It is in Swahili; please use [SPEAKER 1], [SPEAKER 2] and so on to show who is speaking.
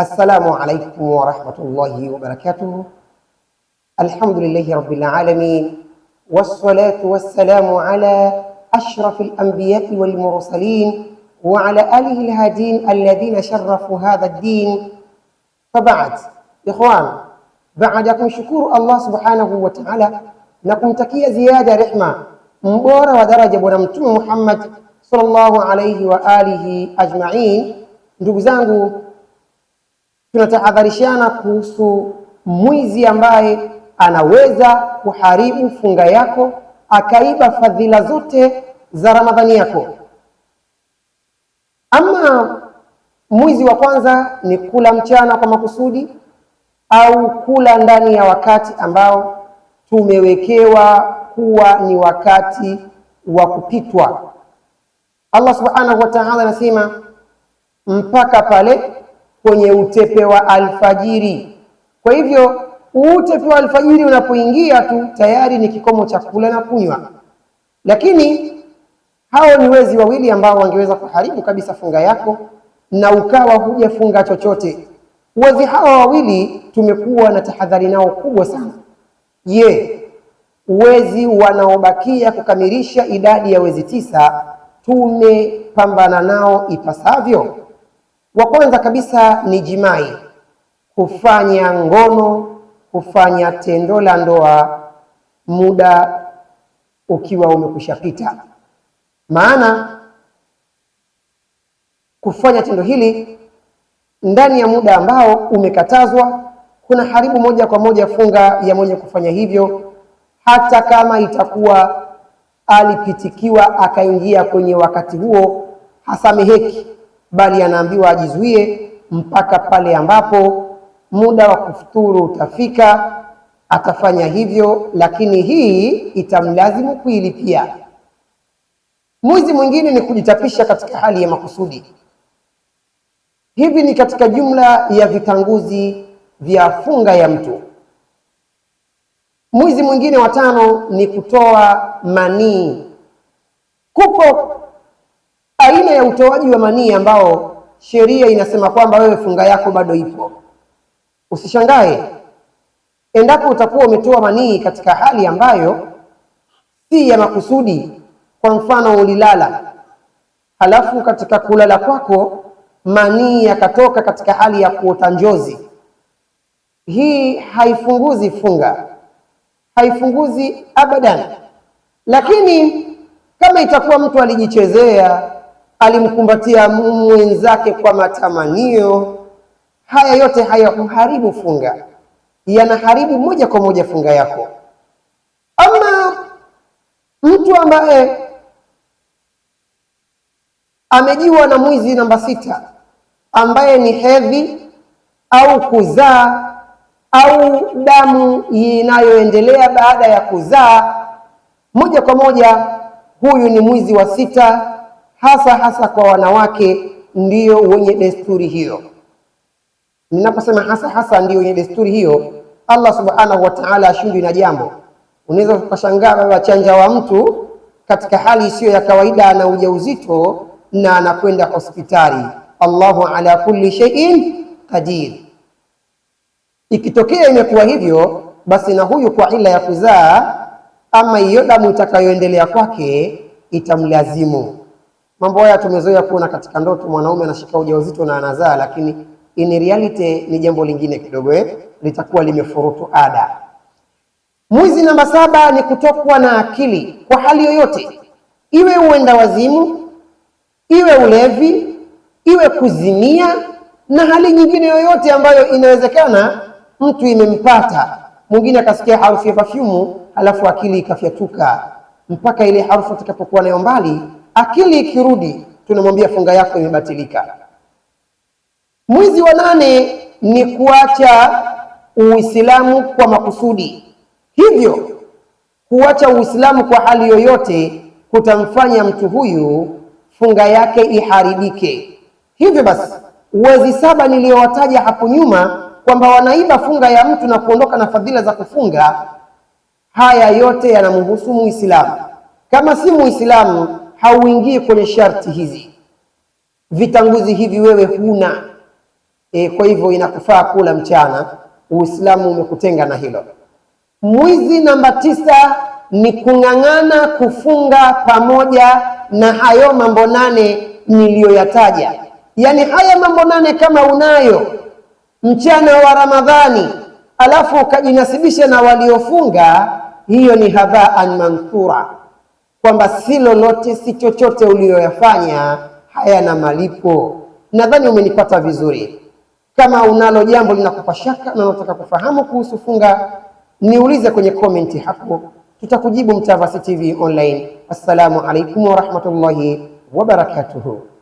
[SPEAKER 1] السلام عليكم ورحمة الله وبركاته الحمد لله رب العالمين والصلاة والسلام على أشرف الأنبياء والمرسلين وعلى آله الهادين الذين شرفوا هذا الدين فبعد إخوان بعدكم شكور الله سبحانه وتعالى نقوم تكية زيادة رحمة مبورة ودرجة بنمتم محمد صلى الله عليه وآله أجمعين ndugu tunatahadharishana kuhusu mwizi ambaye anaweza kuharibu funga yako akaiba fadhila zote za Ramadhani yako. Ama mwizi wa kwanza ni kula mchana kwa makusudi au kula ndani ya wakati ambao tumewekewa kuwa ni wakati wa kupitwa. Allah subhanahu wa ta'ala anasema mpaka pale kwenye utepe wa alfajiri. Kwa hivyo utepe wa alfajiri unapoingia tu tayari ni kikomo cha kula na kunywa, lakini hao ni wezi wawili ambao wangeweza kuharibu kabisa funga yako na ukawa hujafunga chochote. Wezi hawa wawili tumekuwa na tahadhari nao kubwa sana. Je, wezi wanaobakia kukamilisha idadi ya wezi tisa tumepambana nao ipasavyo? Wa kwanza kabisa ni jimai, kufanya ngono, kufanya tendo la ndoa muda ukiwa umekwisha pita. Maana kufanya tendo hili ndani ya muda ambao umekatazwa kuna haribu moja kwa moja funga ya mwenye kufanya hivyo, hata kama itakuwa alipitikiwa akaingia kwenye wakati huo, hasameheki bali anaambiwa ajizuie mpaka pale ambapo muda wa kufuturu utafika, atafanya hivyo, lakini hii itamlazimu kuilipia. Mwizi mwingine ni kujitapisha katika hali ya makusudi. Hivi ni katika jumla ya vitanguzi vya funga ya mtu. Mwizi mwingine wa tano ni kutoa manii. Kupo aina ya utoaji wa manii ambao sheria inasema kwamba wewe funga yako bado ipo. Usishangae endapo utakuwa umetoa manii katika hali ambayo si ya makusudi. Kwa mfano, ulilala halafu katika kulala kwako manii yakatoka katika hali ya kuota njozi. Hii haifunguzi funga, haifunguzi abadan. Lakini kama itakuwa mtu alijichezea alimkumbatia mwenzake kwa matamanio. Haya yote hayakuharibu funga, yanaharibu moja kwa moja funga yako. Ama mtu ambaye amejiwa na mwizi namba sita, ambaye ni hedhi au kuzaa au damu inayoendelea baada ya kuzaa, moja kwa moja huyu ni mwizi wa sita hasa hasa kwa wanawake ndio wenye desturi hiyo. Ninaposema hasa hasa ndio wenye desturi hiyo, Allah subhanahu wa ta'ala ashindwi na jambo. Unaweza ukashangaa baba chanja wa mtu katika hali isiyo ya kawaida, ana ujauzito na anakwenda hospitali. Allahu ala kulli shay'in qadir. Ikitokea imekuwa hivyo, basi na huyu kwa ila ya kuzaa, ama hiyo damu itakayoendelea kwake itamlazimu Mambo haya tumezoea kuona katika ndoto, mwanaume anashika ujauzito na anazaa, lakini in reality ni jambo lingine kidogo, eh, litakuwa limefurutu ada. Mwizi namba saba ni kutokwa na akili kwa hali yoyote, iwe uenda wazimu, iwe ulevi, iwe kuzimia na hali nyingine yoyote ambayo inawezekana mtu imempata. Mwingine akasikia harufu ya perfume, alafu akili ikafyatuka mpaka ile harufu itakapokuwa nayo mbali akili ikirudi, tunamwambia funga yako imebatilika. Mwezi wa nane ni kuacha Uislamu kwa makusudi, hivyo kuacha Uislamu kwa hali yoyote kutamfanya mtu huyu funga yake iharibike. Hivyo basi wezi saba niliyowataja hapo nyuma kwamba wanaiba funga ya mtu na kuondoka na fadhila za kufunga, haya yote yanamhusu Muislamu. Kama si Muislamu hauingii kwenye sharti hizi, vitanguzi hivi wewe huna e, kwa hivyo inakufaa kula mchana. Uislamu umekutenga na hilo. Mwizi namba tisa ni kung'ang'ana kufunga pamoja na hayo mambo nane niliyoyataja. Yaani haya mambo nane kama unayo mchana wa Ramadhani alafu ukajinasibisha na waliofunga, hiyo ni hadhaan manthura kwamba si lolote si chochote uliyoyafanya hayana malipo. Nadhani umenipata vizuri. Kama unalo jambo linakupa shaka na unataka kufahamu kuhusu funga, niulize kwenye komenti hapo, tutakujibu. Mtavassy TV Online. Assalamu alaikum warahmatullahi wabarakatuhu.